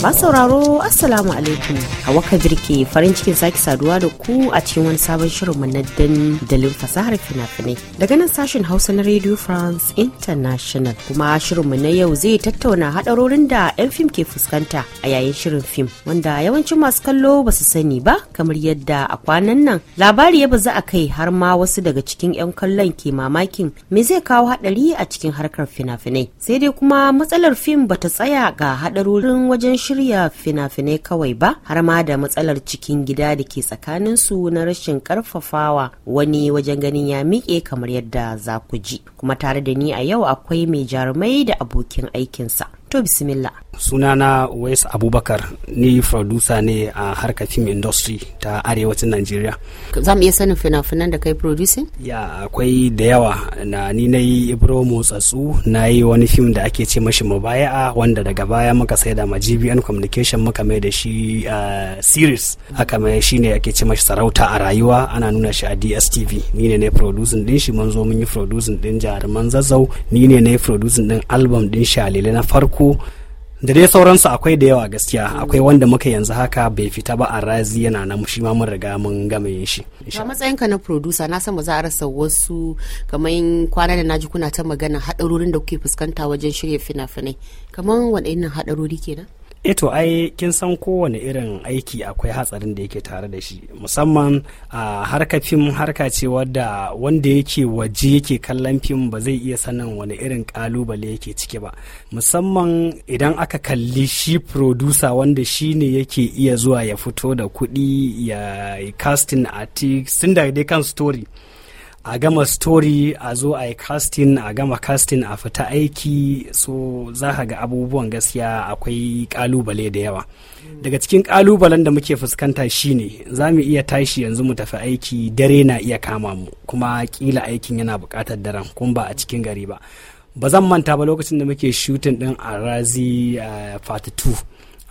sauraro assalamu alaikum hawa kabir ke farin cikin sake saduwa da ku a cikin wani sabon shirin shirinmu na dandalin fasahar fina-finai daga nan sashen hausa na radio france international kuma shirin shirinmu na yau zai tattauna hadarorin da 'yan fim ke fuskanta a yayin shirin fim wanda yawancin masu kallo ba su sani ba kamar yadda a kwanan nan labari ya bazu a kai har ma wasu daga cikin 'yan kallon ke mamakin me zai kawo hadari a cikin harkar fina-finai sai dai kuma matsalar fim ba ta tsaya ga hadarorin wajen shirya fina-finai kawai ba har ma da matsalar cikin gida da ke tsakanin su na rashin karfafawa wani wajen ganin ya miƙe kamar yadda za ku ji kuma tare da ni a yau akwai mai jarumai da abokin aikinsa to bismillah sunana wais abubakar ni producer ne a harkar film industry ta arewacin nigeria za mu iya sanin fina-finan da kai producing ya akwai da yawa na ni na yi ibro motsatsu na yi wani fim da ake ce mashi baya wanda daga baya muka sai da gbn communication muka mai da shi series aka mai shi ne ake ce mashi sarauta a rayuwa ana nuna shi a dstv ni ne na yi producing din shi mun zo mun yi producing din jaruman zazzau ni ne na yi producing din album din shalile na farko farko da dai sauransu akwai da yawa gaskiya akwai wanda muka yanzu haka bai fita ba a razi yana na shi ma mun riga mun gama yin shi a matsayinka na producer na san ba za a rasa wasu kamar kwana da ji kuna ta magana hadarorin da kuke fuskanta wajen shirya fina-finai kamar waɗannan hadarori kenan eto eh ai kin san kowane irin aiki akwai hatsarin da yake tare da shi musamman a harka fim harka ce wadda wanda yake waje yake kallon fim ba zai iya sanin wani irin kalubale yake ciki ba musamman idan aka kalli shi producer wanda shi ne yake iya zuwa ya fito da kuɗi ya casting artist sun da dai kan story a gama story a zo a yi casting a gama casting a fita aiki so za ka ga abubuwan gaskiya akwai kalubale da yawa daga cikin kalubalen da muke fuskanta shine za mu iya tashi yanzu mu tafi aiki dare na iya kama mu kuma kila aikin yana bukatar daren kuma ba a cikin gari ba ba zan manta ba lokacin da muke shooting din a razi eh, part 2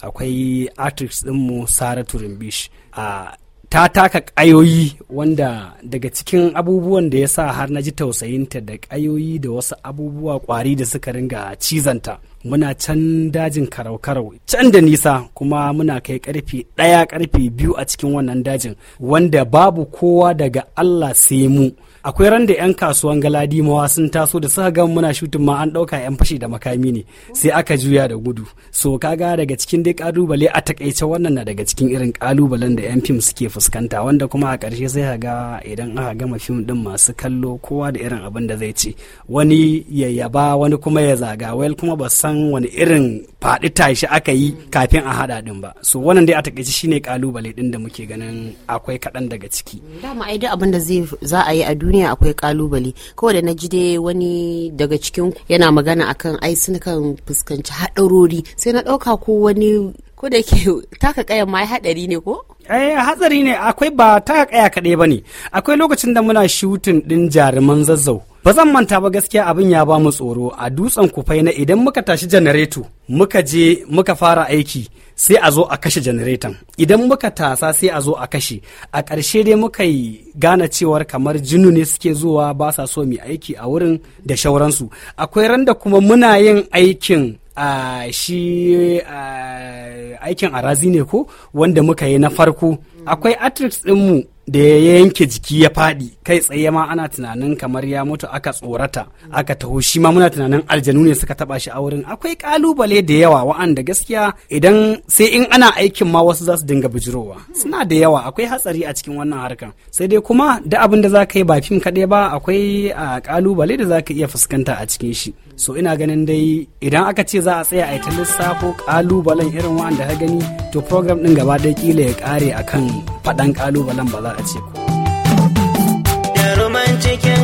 akwai artist dinmu saratu rimbish a ah, ta taka ƙayoyi wanda daga cikin abubuwan da ya sa har na ji tausayinta da ƙayoyi da wasu abubuwa ƙwari da suka ringa cizanta muna can dajin karau-karau can da nisa kuma muna kai karfe ɗaya karfe biyu a cikin wannan dajin wanda babu kowa daga allah sai mu akwai ran da yan kasuwan galadi mawa sun taso da suka ga muna shutin ma an dauka yan fashi da makami ne sai aka juya da gudu so kaga daga cikin dai kalubale a takaice wannan na daga cikin irin kalubalen da yan fim suke fuskanta wanda kuma a karshe sai ga idan aka gama fim din masu kallo kowa da irin abin da zai ce wani ya yaba wani kuma ya zaga kuma ba san wani irin faɗi tashi aka yi kafin a haɗa din ba so wannan dai a takaice shine kalubale din da muke ganin akwai kaɗan daga ciki dama ai duk abin da za a yi a duniya duniya akwai kalubale kawai da na ji dai wani daga cikin yana magana akan ai sun kan fuskanci haɗarori sai na ɗauka ko wani ko da ke taka kaya ma haɗari ne ko eh hatsari ne akwai ba taka kaya kaɗai ba ne akwai lokacin da muna shutin ɗin jaruman zazzau ba zan manta ba gaskiya abin ya ba mu tsoro a dutsen kufai na idan muka tashi janareto muka je muka fara aiki sai a zo a kashe janareton idan muka tasa sai a zo a kashe a ƙarshe dai muka yi gane cewar kamar jinu ne suke zuwa ba sa so mai aiki a wurin da shauransu akwai randa kuma muna yin aikin a shi aikin arazi ne ko wanda muka yi na farko akwai atrix dinmu da ya yanke jiki ya faɗi kai tsaye ma ana tunanin kamar ya mutu aka tsorata aka taho shi ma muna tunanin aljanu ne suka taba shi a wurin akwai kalubale da yawa wa'anda gaskiya idan sai in ana aikin ma wasu za su dinga bijirowa suna da yawa akwai hatsari a cikin wannan harkan sai dai kuma da abin da za ka yi ba fim kaɗai ba akwai kalubale da za ka iya fuskanta a cikin shi so ina ganin dai idan aka ce za a tsaya a yi ta lissafo kalubalen irin wa'anda ka gani to program ɗin gaba ɗaya kila ya ƙare akan faɗan ƙalubalen ba za a ce ko. Da ruman cikin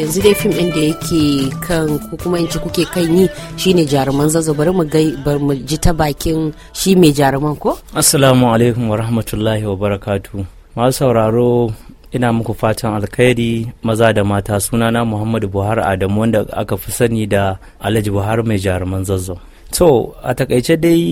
yanzu dai fim ɗin da yake kan ko kuma in ci kuke kan yi shine jaruman zazzau bari mu gai mu ji ta bakin shi mai jaruman ko assalamu alaikum wa rahmatullahi wa barakatu masu sauraro ina muku fatan alkhairi maza da mata sunana muhammadu buhari adamu wanda aka fi sani da alhaji buhari mai jaruman zazzau to a takaice dai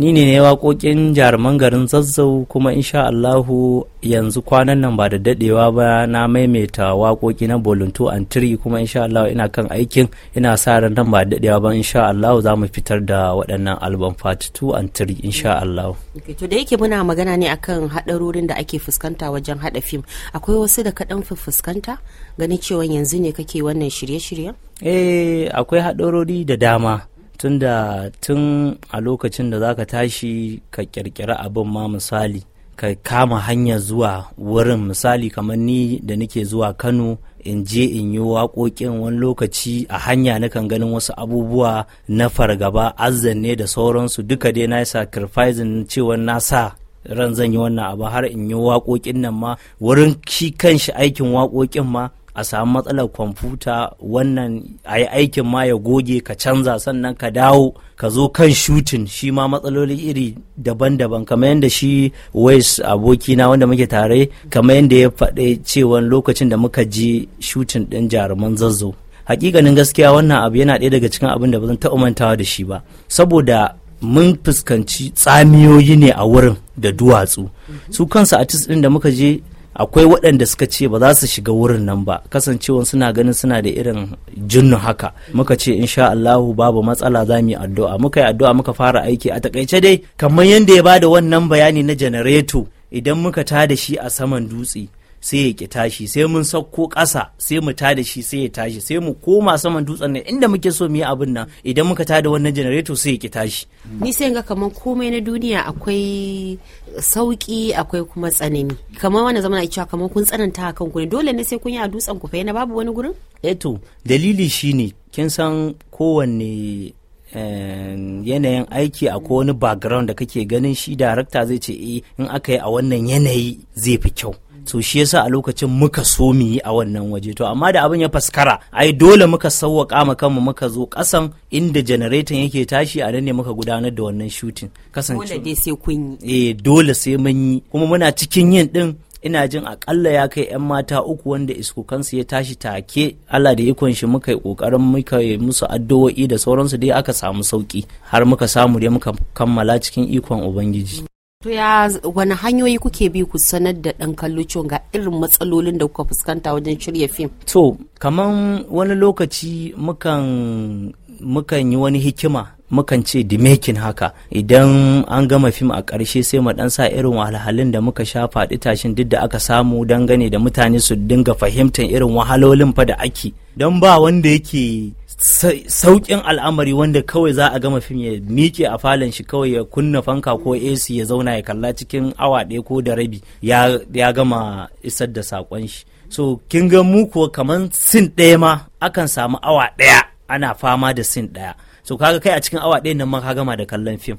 ni ne ne waƙoƙin jaruman garin zazzau kuma insha allahu yanzu kwanan nan ba da daɗewa ba na maimaita waƙoƙi na bolunto tiri kuma insha allahu ina kan aikin ina sa ran nan ba da daɗewa ba insha allahu za mu fitar da waɗannan album part 2 and 3 insha allahu to da yake muna magana ne akan haɗarorin da ake fuskanta wajen haɗa fim akwai wasu da kaɗan fuskanta ganin cewa yanzu ne kake wannan shirye-shiryen eh akwai haɗarori da dama tunda tun a lokacin da zaka tashi ka kirkira abin ma misali ka kama hanya zuwa wurin misali kamar ni da nake zuwa kano in je in yi waƙoƙin wani lokaci a hanya na kan ganin wasu abubuwa na fargaba azanne da sauransu duka dai na yi sacrificing cewa na sa ran zan yi wannan abu har in yi waƙoƙin nan ma wurin shi kanshi aikin waƙoƙin ma a samu matsalar kwamfuta wannan a yi aikin ma ya goge ka canza sannan ka dawo ka zo kan shutin shi ma matsaloli iri daban-daban kamar yadda shi wais abokina wanda muke tare kamar yadda ya faɗe cewan lokacin da muka je shutin ɗin jaruman zazzau hakikanin gaskiya wannan abu yana ɗaya daga cikin abin da ba zan taɓa mantawa da shi ba saboda mun fuskanci tsamiyoyi ne a wurin da duwatsu su kansu artist ɗin da muka je akwai waɗanda suka ce ba za su shiga wurin nan ba kasancewa suna ganin suna da irin jinnu haka muka ce insha Allahu babu matsala za mu yi addu'a muka yi addu'a muka fara aiki a takaice dai kamar yadda ya bada wannan bayani na janareto idan muka tada shi a saman dutse sai ya ki tashi sai mun sauko ƙasa sai mu da shi sai ya tashi sai mu koma saman dutsen nan inda muke so mu yi abin nan idan muka tada wannan janareto sai ya ki tashi ni sai ga kamar komai na duniya akwai sauki akwai kuma tsanani kamar wannan zamana cewa kamar kun tsananta a kanku ne dole ne sai kun yi a dutsen ku fa na babu wani gurin eto eh dalili shine kin san kowanne eh, yanayin aiki a wani background da kake ganin shi darakta zai ce eh, in aka yi a wannan yanayi zai fi kyau so shi yasa a lokacin muka so mu yi a wannan waje to amma da abin ya faskara ai dole muka sauwaka ma kanmu muka zo kasan inda janareton yake tashi a nan ne muka gudanar da wannan shooting kasance dole sai kun yi eh dole sai mun yi kuma muna cikin yin din ina jin akalla ya kai 'yan mata uku wanda iskukansu ya tashi take Allah da ikon shi muka yi kokarin muka yi musu addu'o'i da sauransu dai aka samu sauki har muka samu dai muka kammala cikin ikon ubangiji To ya wani hanyoyi kuke bi ku sanar da ɗan kallo ga irin matsalolin da kuka fuskanta wajen shirya fim? To, kaman wani lokaci mukan yi wani hikima mukan ce di making haka idan an gama fim a ƙarshe sai mu ɗan sa irin wahalhalun da muka sha faɗi tashin duk da aka samu dangane da mutane su dinga fahimtar irin wahalolin fa da ake don ba wanda yake sauƙin al'amari wanda kawai za a gama fim ya miƙe a falon shi kawai ya kunna fanka ko ac ya zauna ya kalla cikin awa ɗaya ko da rabi ya gama isar da saƙon shi so kin ga mu kuwa kamar sin ɗaya ma akan samu awa ɗaya ana fama da sin ɗaya so kaga kai a cikin awa ɗaya nan ma ka gama da kallon fim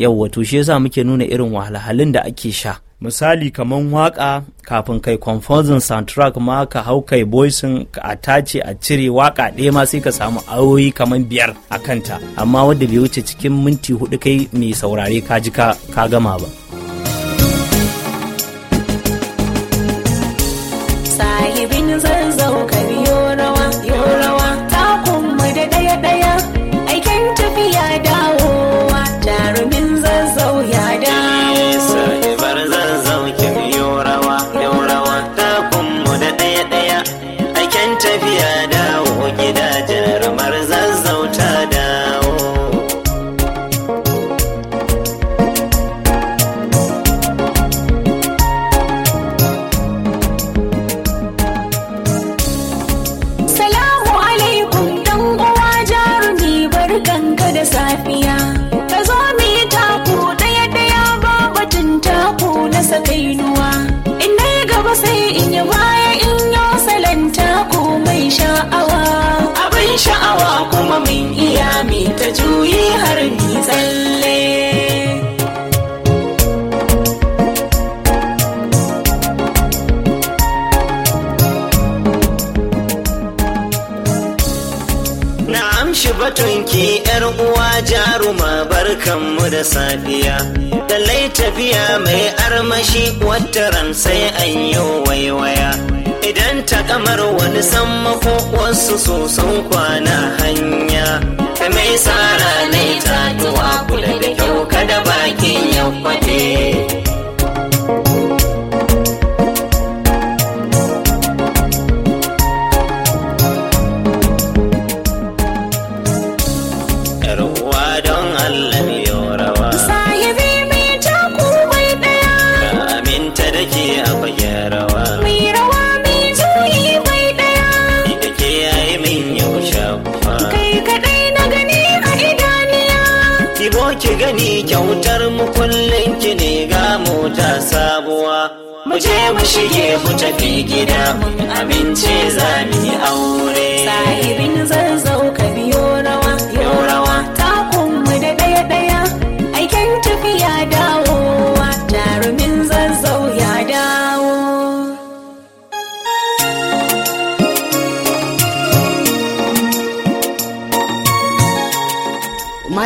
yawwa to shi yasa muke nuna irin wahalhalun da ake sha misali kaman waka kafin kai composing soundtrack ma ka hau kai boysin ka tace a cire waka ɗaya ma sai ka samu ayoyi kaman biyar a kanta amma wadda bai wuce cikin minti hudu kai mai saurare ka ji ka gama ba shi batunki yar uwa jaruma barkanmu da safiya da lai tafiya mai armashi wataran sai an yi waiwaya idan ta kamar wani sammako wasu so sun kwana hanya mai tsara ne ta tuwa kula da kyau kada bakin ya kwade shige mu tafi gida mun amince za mu yi aure sahibin zanzo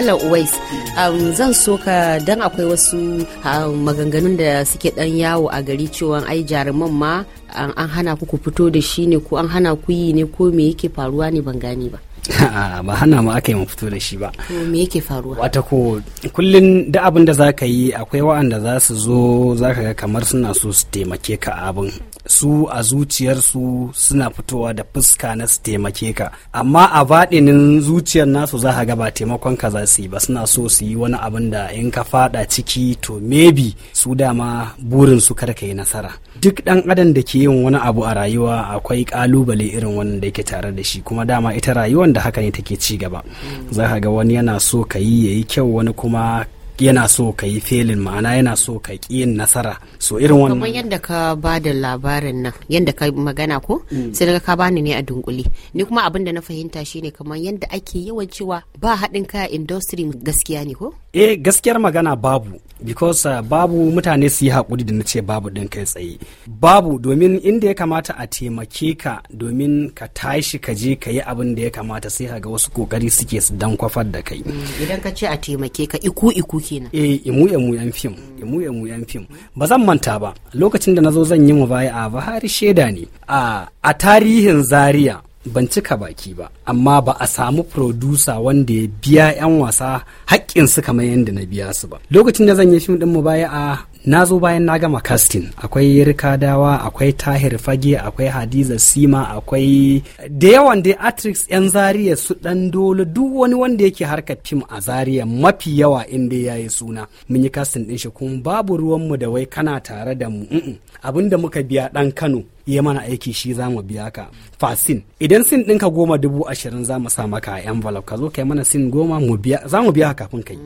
Malam Uwais um, zan so ka dan akwai wasu um, maganganun da suke dan yawo a gari cewa ai jaruman ma an hana ku fito da shi ne ko an hana ku yi ne ko me yake faruwa ne ban gane ba. ba hana mu aka yi mu fito da shi ba. me yake faruwa? Wata ko kullun da abin da za ka yi akwai wa'anda za su zo za ka ga kamar suna so su taimake ka abin su a zuciyarsu suna fitowa da fuska na su taimake ka amma a baɗinin zuciyar nasu za ka gaba taimakon ka za su yi ba suna so su yi wani abin da in ka faɗa ciki to maybe su dama burin su kar ka yi nasara duk ɗan adam da ke yin wani abu a rayuwa akwai ƙalubale irin wannan da yake tare da shi kuma dama ita rayuwar da haka ne take ci gaba za ka ga wani yana so ka yi ya kyau wani kuma yana so ka yi felin ma'ana yana so ka ki yin nasara so irin wannan kamar yadda ka ba da labarin nan yadda ka magana ko mm. sai daga ka bani ne a dunkule ni kuma abin da na fahimta shine kamar yadda ake yawan cewa ba haɗin kaya industry gaskiya ne ko eh gaskiyar magana babu because uh, babu mutane su yi haƙuri da na ce babu ɗin kai tsaye babu domin inda ya kamata a taimake ka domin ka tashi ka je ka yi abin da ya kamata sai ka ga wasu kokari suke su dan kwafar da kai mm, idan ka ce a taimake ka iku iku kenan eh imu mu yan fim imu mu yan fim ba zan manta ba lokacin da nazo zan yi mu mubaya'a Buhari sheda ne a a tarihin Zaria ban cika baki ba amma ba a samu producer wanda ya biya 'yan wasa haƙƙin su kamar yadda na biya su ba lokacin da zan yi fim din mu baya a na zo bayan na gama casting akwai rikadawa akwai tahir fage akwai hadiza sima akwai da yawan dai atrix yan zariya su dan dole duk wani wanda yake harkar fim a zariya mafi yawa inda ya yi suna mun yi casting din shi kuma babu ruwanmu da wai kana tare da mu abin da muka biya dan kano ya mana aiki shi za mu biya ka fasin idan sin ɗinka goma dubu ashirin za mu sa maka a envelope ka zo kai mana sin goma za mu biya kafin kai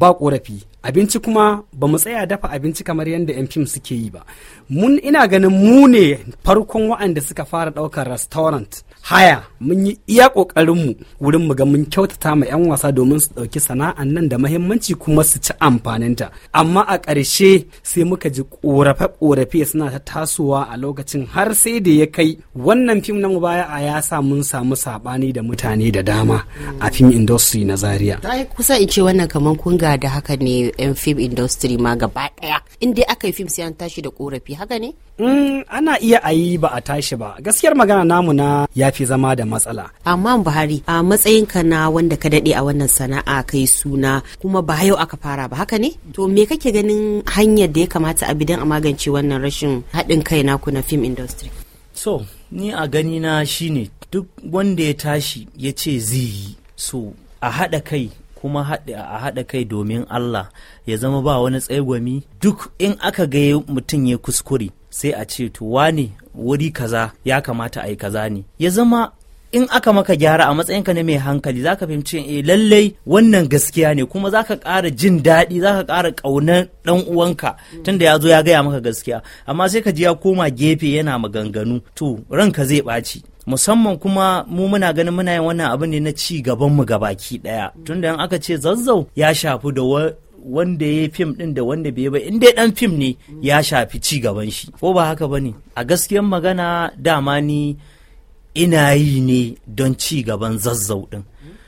ba korafi abinci kuma ba mu tsaya dafa abinci kamar yadda yan fim suke yi ba mun ina ganin mu ne farkon wa'anda suka fara ɗaukar restaurant haya mun yi iya ƙoƙarinmu wurin mu ga mun kyautata ma 'yan wasa domin su ɗauki sana'an nan da mahimmanci kuma su ci amfaninta amma a ƙarshe sai muka ji ƙorafe-ƙorafe suna ta tasowa a lokacin har sai da ya kai wannan fim na baya a ya sa mun samu saɓani da mutane da dama a fim industry na zaria ta kusa in ce wannan kamar kun ga da haka ne 'yan fim industry ma gaba ɗaya in dai aka yi fim sai an tashi da ƙorafi haka ne mm, ana iya ayi ba a tashi ba gaskiyar magana namu na ya fi zama da matsala. Amma Buhari a matsayinka na wanda ka daɗe a wannan sana'a kai suna kuma ba yau aka fara ba haka ne? To me kake ganin hanyar da ya kamata a bidan a magance wannan rashin haɗin kai naku na film industry? So ni a gani na shine duk wanda ya tashi ya ce zai yi so a haɗa kai kuma a haɗa kai domin Allah ya zama ba wani tsegwami duk in aka ga mutum ya kuskure sai a ce to wani wuri kaza ya kamata a yi kaza ne ya zama in aka maka gyara a matsayinka na mai hankali za ka fahimci eh lallai wannan gaskiya ne kuma za ka ƙara jin daɗi za ka ƙara ƙaunar ɗan uwanka tunda ya zo ya gaya maka gaskiya amma sai ka ji ya koma gefe yana maganganu to ranka zai ɓaci musamman kuma mu muna ganin muna yin wannan abu ne na ci gaban mu baki daya tunda in aka ce zazzau ya shafi da wanda ya yi fim ɗin da wanda bai ba in dai dan fim ne ya shafi ci gaban shi ko ba haka bane a gaskiyan magana dama ni ina yi ne don ci gaban zazzau ɗin?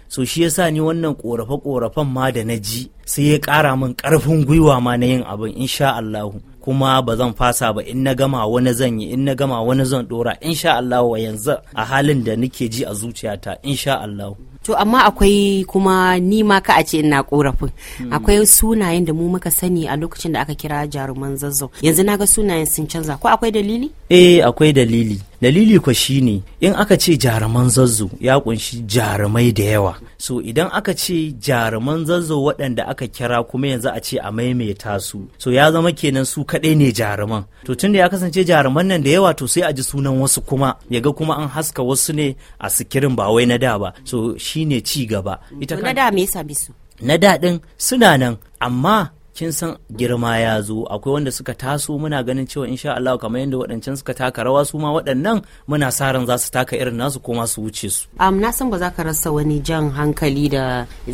so shi yasa ni wannan korafe korafen ma da na ji sai ya ƙara min ƙarfin gwiwa ma na yin abin insha Allahu kuma ba zan fasa ba in na gama wani zan yi in na gama wani zan dora sha Allah wa yanzu a halin da nake ji a zuciyata sha Allah to amma akwai kuma ni ma ka a ce ina korafin hmm. akwai sunayen da mu muka sani a lokacin da aka kira jaruman zazzau yanzu na ga sunayen sun canza ko akwai dalili eh akwai dalili dalili kwa shine in aka ce jaruman zazzo ya kunshi jarumai da yawa so idan aka ce jaruman zazzo waɗanda aka kira kuma yanzu a ce a maimaita su so ya zama kenan su kaɗai ne jaruman to tunda ya kasance jaruman nan da yawa to sai a ji sunan wasu kuma ya ga kuma an haska wasu ne a sikirin ba wai na da ba so shine ci gaba ita na da me yasa bisu na daɗin suna nan amma kin san girma ya zo akwai wanda suka taso muna ganin cewa insha Allah kamar yadda waɗancan suka taka rawa su ma waɗannan muna sa ran za su taka irin nasu ko su wuce su na san ba za ka rasa wani jan hankali da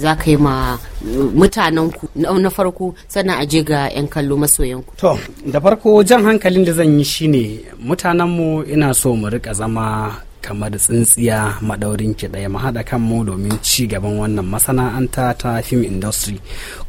za ka yi ma mutanen ku na farko sannan je ga yan kallo masoyan ku to da farko jan hankalin da zan yi shine mutanen mu ina so mu rika zama kamar tsintsiya madaurin ki ɗaya mu haɗa kanmu domin ci gaban wannan masana'anta ta fim industry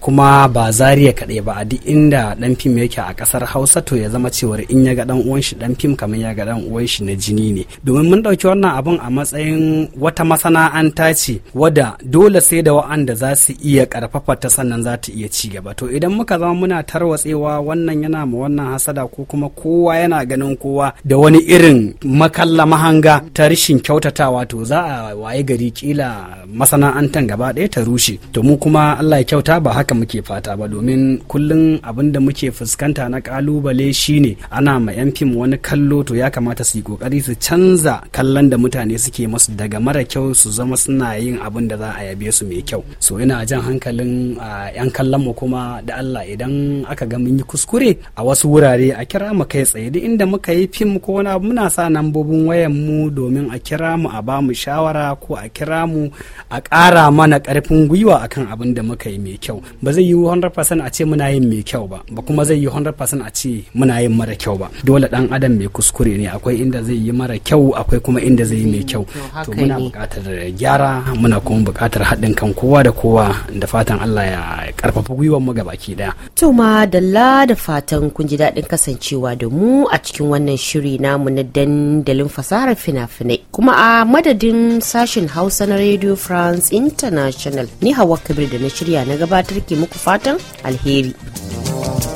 kuma ba zariya kaɗai ba a duk inda ɗan fim yake a ƙasar hausa to ya zama cewar in ya ga ɗan uwan shi ɗan fim kamar ya ga ɗan uwan shi na jini ne domin mun ɗauki wannan abun a matsayin wata masana'anta ce wadda dole sai da wa'anda za su iya ƙarfafa ta sannan za ta iya ci gaba to idan muka zama muna tarwatsewa wannan yana ma wannan hasada ko kuma kowa yana ganin kowa da wani irin makalla mahanga ta ta rishin kyautatawa to za a waye gari kila masana'antar gaba ɗaya ta rushe to mu kuma Allah ya kyauta ba haka muke fata ba domin kullum abin da muke fuskanta na kalubale shine ana ma yan fim wani kallo to ya kamata su yi kokari su canza kallon da mutane suke masu daga mara kyau su zama suna yin abin da za a yabe su mai kyau so ina jan hankalin yan kallon mu kuma da Allah idan aka ga mun yi kuskure a wasu wurare a kira mu kai tsaye duk inda muka yi fim ko wani abu muna sa nambobin wayan mu domin a kira mu a bamu shawara ko a kira mu a ƙara mana ƙarfin gwiwa akan abin da muka yi mai kyau ba zai yi 100% a ce muna yin mai kyau ba ba kuma zai yi 100% a ce muna yin mara kyau ba dole dan adam mai kuskure ne akwai inda zai yi mara kyau akwai kuma inda zai yi mai kyau to muna buƙatar gyara muna kuma buƙatar haɗin kan kowa da kowa da fatan Allah ya karfafa gwiwar mu gabaki daya to ma dalla da fatan kun ji daɗin kasancewa da mu a cikin wannan shiri namu na dandalin fasahar fina-finai kuma a madadin sashen hausa na radio france international ni hawa kabir da na shirya na gabatar ke muku fatan alheri.